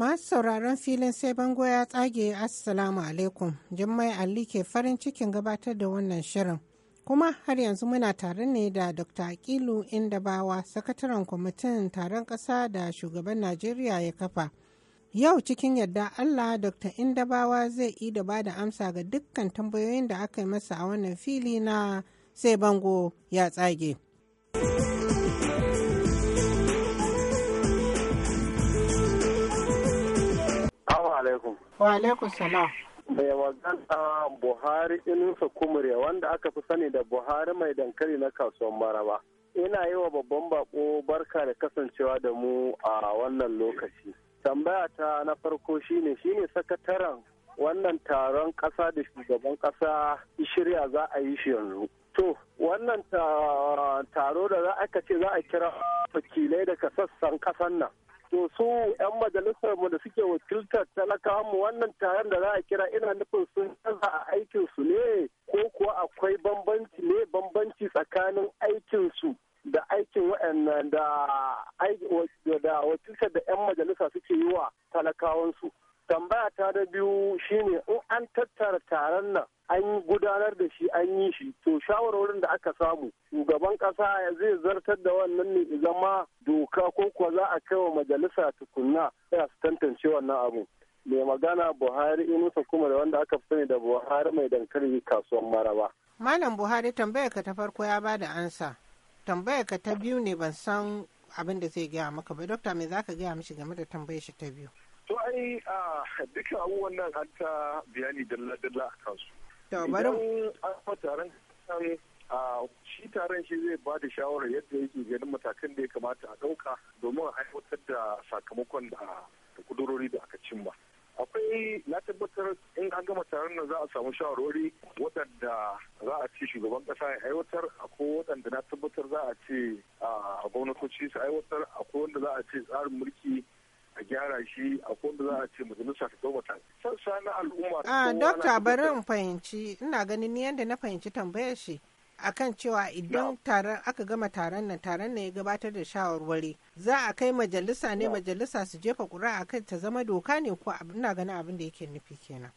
Masu sauraron filin sai bango ya tsage Assalamu alaikum. Jummai Ali ke farin cikin gabatar da wannan shirin. Kuma har yanzu muna tare ne da Dr. Akilu Indabawa, sakataren kwamitin taron ƙasa da shugaban Najeriya ya kafa. Yau cikin yadda Allah Dr. Indabawa zai yi da bada amsa ga dukkan tambayoyin da aka yi masa a wannan fili na sai bango ya tsage. alaikum. Wa alaikum salam. Mai magana Buhari Inusa Kumure wanda aka fi sani da Buhari mai dankali na kasuwar Maraba. Ina yi wa babban bako barka da kasancewa da mu a wannan lokaci. Tambaya ta na farko shine shine sakataren wannan taron ƙasa da shugaban ƙasa shirya za a yi shi yanzu. To, wannan taro da za a ce za a kira wakilai daga sassan ƙasan nan to su 'yan majalisar mu da suke wakiltar talakawa mu wannan taron da za a kira ina nufin sun canza a aikin su ne ko kuwa akwai bambanci ne bambanci tsakanin aikin su da aikin waɗannan da wakiltar da 'yan majalisa suke yi wa talakawansu tambaya ta da biyu shine in an tattara taron nan an gudanar da shi an yi shi to shawarwarin da aka samu shugaban kasa ya zai zartar da wannan ne idan ma doka ko kuwa za a kai wa majalisa tukunna ya su tantance wannan abu mai magana buhari inusa kuma da wanda aka sani da buhari mai dankali kasuwan maraba malam buhari tambayar ka ta farko ya bada ansa tambayar ka ta biyu ne ban san abin da zai gaya maka ba dokta me zaka gaya mishi game da tambayar shi ta biyu to ai a duka abubuwan nan an ta bayani dalla-dalla a kansu idan an fa taron shi taron shi zai ba da shawarar yadda yake ganin matakan da ya kamata a ɗauka domin a aiwatar da sakamakon da kudurori da aka cimma akwai na tabbatar in an gama taron nan za a samu shawarwari waɗanda za a ci shugaban ƙasa ya aiwatar ko waɗanda na tabbatar za a ce a gwamnatoci su aiwatar ko wanda za a ce tsarin mulki a gyara shi a kunda za a ce majalisa ta dau sassa na al'umma a dokta bari in fahimci ina ganin ni yadda na fahimci tambayar shi akan cewa idan taron aka gama taron nan taron nan ya gabatar da shawarwari za a kai majalisa ne majalisa su jefa kura a kai ta zama doka ne ko ina ganin abin da yake nufi kenan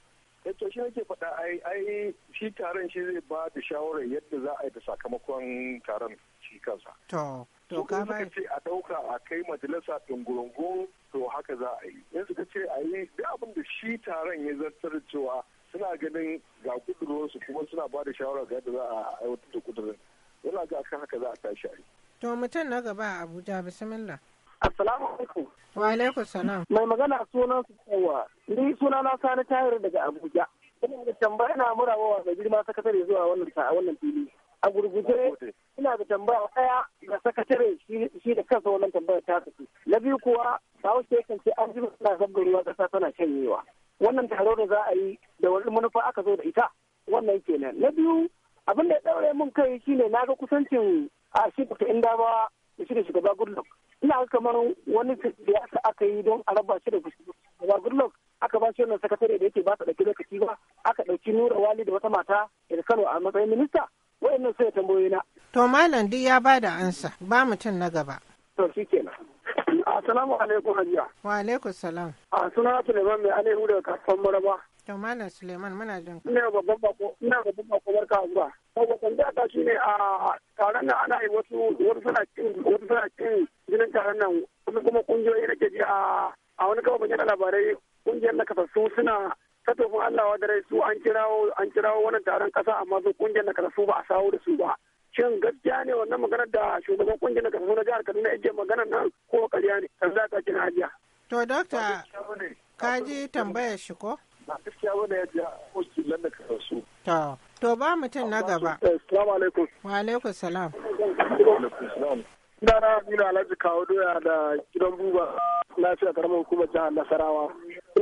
eh, to shi nake faɗa ai ai shi taron shi zai ba da shawarar yadda za a yi da sakamakon taron shi kansa to to ka a ɗauka a kai majalisa dungurungun za a yi in suka ce a yi duk abin da shi taron ya zartar cewa suna ganin ga kudurorinsu kuma suna ba da shawara ga yadda za a aiwatar da kudurin yana ga kan haka za a tashi a yi. to mutum na gaba a abuja bismillah. assalamu alaikum. wa alaikum salam. mai magana sunan su kowa ni suna na sani tayar daga abuja. ina da tambaya na murawa wa mai girma sakatare zuwa wannan wannan fili. a gurguje ina da tambaya daya ga sakatare shi da kansa wannan tambaya ta tafi na biyu kuwa wasu yakan ce an jima suna zabga ruwa kasa tana shanyewa wannan taro da za a yi da wani manufa aka zo da ita wannan kenan na biyu abin da ya daure min kai shine na ga kusancin a shi da inda ba da shi da shugaba gudlok ina ga kamar wani siyasa aka yi don a raba shi da shugaba gudlok aka ba shi wannan sakatare da yake ba ta dauki lokaci ba aka ɗauki nura wali da wata mata daga kano a matsayin minista wa'annan sai tambayoyi na. To Malam duk ya bada ansa ba mutum na gaba. To shi kenan. Assalamu alaikum hajiya. Wa alaikum salam. A suna Suleiman mai alaihu daga kasuwan maraba. To Malam Suleiman muna jin ka. Ina babban bako, ina babban bako barka zuwa. Babban tambaya ta shi ne a taron nan ana yi wasu wasu suna cin wasu suna cin jinin taron nan kuma kungiyoyi nake ji a a wani kawai bakin labarai kungiyar na kasassu suna ta tofin Allah wa dare su an kirawo an kirawo wannan taron kasa amma su kungiyar na su ba a sawo da su ba shin gaskiya ne wannan maganar da shugaban kungiyar na kasasu na jihar Kaduna yake maganar nan ko ƙarya ne tambaya ta kina hajiya to dokta ka ji tambayar shi ko ba gaskiya bane ya ji kungiyar ka kasasu to to ba mutum na gaba assalamu eh, alaikum wa alaikum salam Ina na Aminu Alhaji Kawo Doya da gidan Buba lafiya karamar hukumar jihar Nasarawa.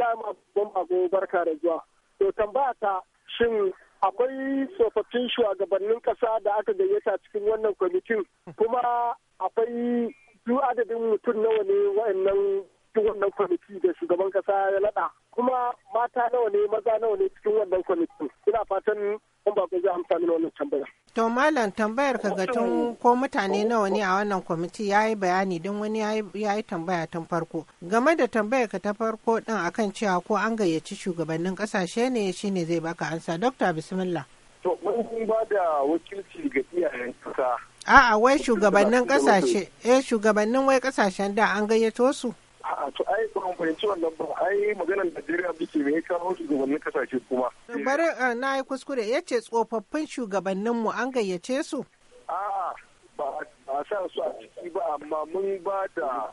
ya ma abu barka da zuwa to tambaya ta shin akwai tsofaffin shugabannin kasa da aka gayyata cikin wannan kwamitin kuma akwai duk adadin mutum nawa ne wa'annan duk wannan kwamiti da shugaban kasa ya nada kuma mata nawa ne maza nawa ne cikin wannan kwamitin ina fatan kun ba zai amsa mini wannan tambaya. to malam tambayar ka ga tun ko mutane nawa ne a wannan kwamiti ya yi bayani don wani ya yi tambaya tun farko game da tambayar ka ta farko din akan cewa ko an gayyaci shugabannin kasashe ne shine zai baka ansa dokta bismillah. to mun ba da wakilci ga iyayen kasa. a'a wai shugabannin kasashe eh shugabannin wai kasashen da an gayyato su. a to ai ban fahimci wannan ba ai maganar Najeriya duke me ya kawo shugabannin kasashe kuma bari eh, na yi kuskure yace tsofaffin shugabannin mu an gayyace su a'a ba a sa su a ciki ba amma mun ba da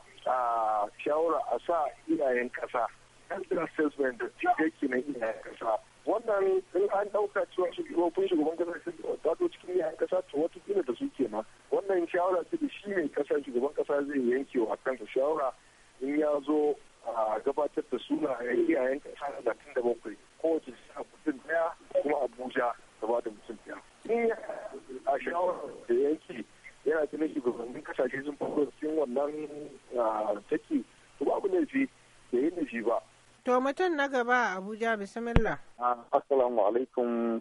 shawara a sa iyayen kasa health assessment da yake na iyayen kasa wannan in an ɗauka cewa shugaban shugaban kasa sun wato cikin iyayen kasa to wata kila da su ke kenan wannan shawara ce da shi ne kasa shugaban kasa zai yanke wa kansa shawara in ya zo a gabatar da sunayen iyayen kasa talatin da bakwai kowace a mutum daya kuma abuja gaba da mutum daya in a shawarar da yanki yana ganin gabanin kasashe sun farko cikin wannan take to babu laifi da yin laifi ba To mutum na gaba a Abuja bismillah. Assalamu alaikum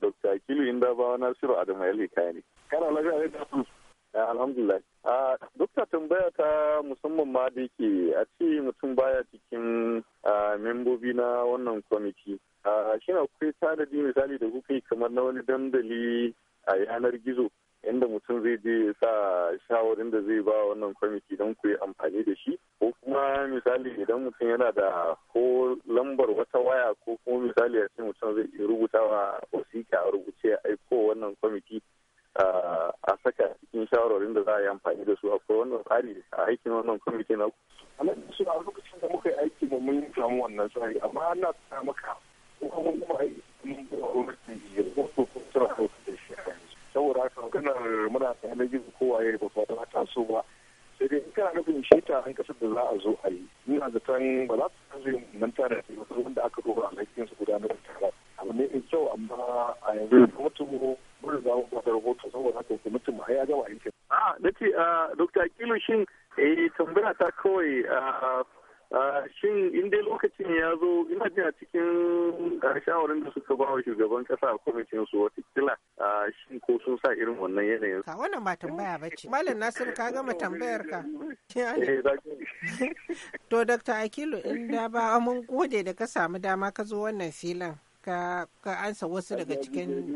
Dr. ba wani Nasiru Adamu Yalika ne. Kana lafiya ne Eh, alhamdulillah. Ah, duk da tambaya ta musamman ma da yake a ce mutum baya cikin ah, membobi na wannan kwamiti. Ah, shi na akwai tanadi misali da kuka yi kamar na wani dandali a yanar gizo inda mutum zai je sa shawarin da zai ba wannan kwamiti don ku yi amfani da shi ko kuma misali idan mutum yana da ko lambar wata waya ko kuma misali a ce mutum zai rubuta wa wasiƙa a rubuce aiko wannan kwamiti a saka cikin shawarwarin da za a yi amfani da su akwai wannan tsari a aikin wannan kwamiti na ku. a su a lokacin da muka yi aiki mu mun samu wannan tsari amma ana tsara maka kuma mun kuma yi mun ba gwamnati ya rahoto ko tana ko da shi a yanzu saboda haka na muna tsaye na gizo kowa ya yi ba ta so ba sai dai in kana nufin shi ta kasar da za a zo a yi ina zaton ba za su zo nan tare da wanda aka kwamitin mutum ba ya gama aikin. a na ce dokta akilu shin eh tambaya ta kawai shin in dai lokacin ya zo ina jin a cikin shawarin da suka ba wa shugaban kasa a kwamitin su wata shin ko sun sa irin wannan yanayin. Ka wannan ba tambaya ba ce. Malam Nasiru ka gama tambayar ka. Eh, to dokta Akilu in da ba mun gode da ka samu dama ka zo wannan filin ka ansa wasu daga cikin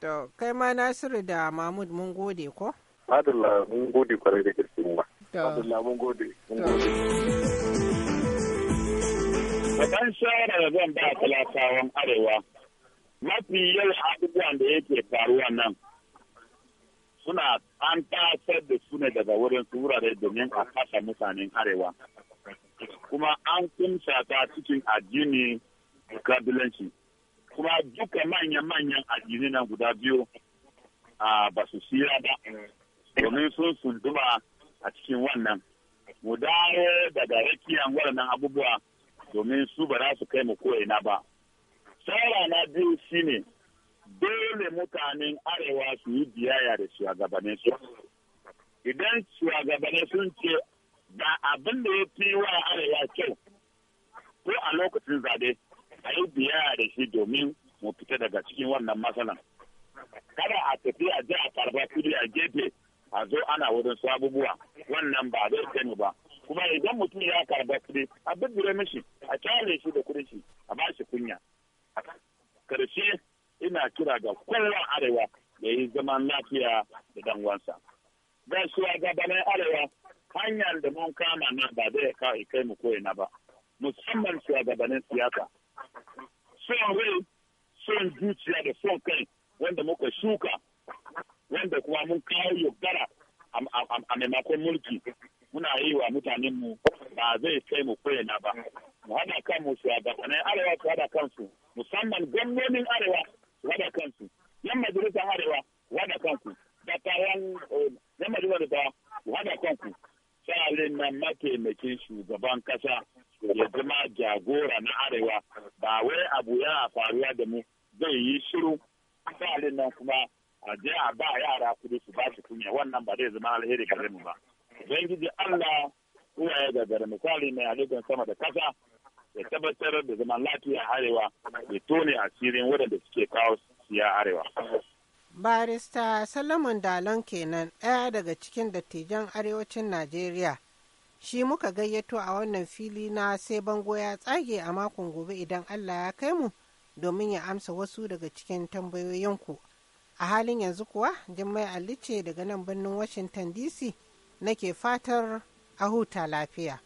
To, kai ma Nasiru da Mahmud mun gode ko? Adalla mun gode kwarai da gaske mu. Adalla mun gode. A kan shawara da zan ba talakawan arewa, mafi yau abubuwan da yake faruwa nan suna an tasar da su ne daga wurin su wurare domin a kasa mutanen arewa. Kuma an kunsa ta cikin addini da kabilanci. kuma duka manya-manyan addini na guda biyu ba su sira ba domin sun sunduma a cikin wannan mu dawo daga rakiyan waɗannan abubuwa domin su ba za su kai mu ko'ina ba shawara na biyu shine dole mutanen arewa su yi biyayya da shugabannin su idan shugabannin sun ce ba abin da ya fi wa arewa kyau ko a lokacin a yi biya da shi domin mu fita daga cikin wannan matsalan kada a tafi a je a kudi a gefe a zo ana wurin su abubuwa wannan ba zai kai ba kuma idan mutum ya karba kudi a bibbire mishi a kyale shi da kudin shi a ba shi kunya karshe ina kira ga kowa arewa da yi zaman lafiya da danwansa wansa gaisuwa gabanin arewa hanyar da mun kama nan ba zai kai mu koyina ba musamman shugabannin siyasa son rai son zuciya da son kai wanda muka shuka wanda kuma mun kawo yaudara a maimakon mulki muna yi wa mutanenmu ba zai kai mu koyana ba mu hada kan mu shugabannin arewa su hada kansu musamman gwamnonin arewa su hada kansu yan majalisar arewa su hada kansu dattawan yan majalisar da su hada kansu sa'alin nan mataimakin shugaban kasa ya zama jagora na arewa ba wai abu yana faruwa da mu zai yi shiru misalin nan kuma a je a ba yara kudu su ba su kunya wannan ba zai zama alheri gare mu ba ubangiji Allah uwaye da gare misali mai halittar sama da kasa ya tabbatar da zaman lafiya arewa ya tone asirin wadanda suke kawo siya arewa barista salomon dalon kenan ɗaya daga cikin dattijan arewacin najeriya shi muka gayyato a wannan fili na sai bango ya tsage a makon gobe idan Allah ya kai mu domin ya amsa wasu daga cikin tambayoyinku. A halin yanzu kuwa Jummai Ali ce daga nan birnin Washington DC nake fatar a huta lafiya.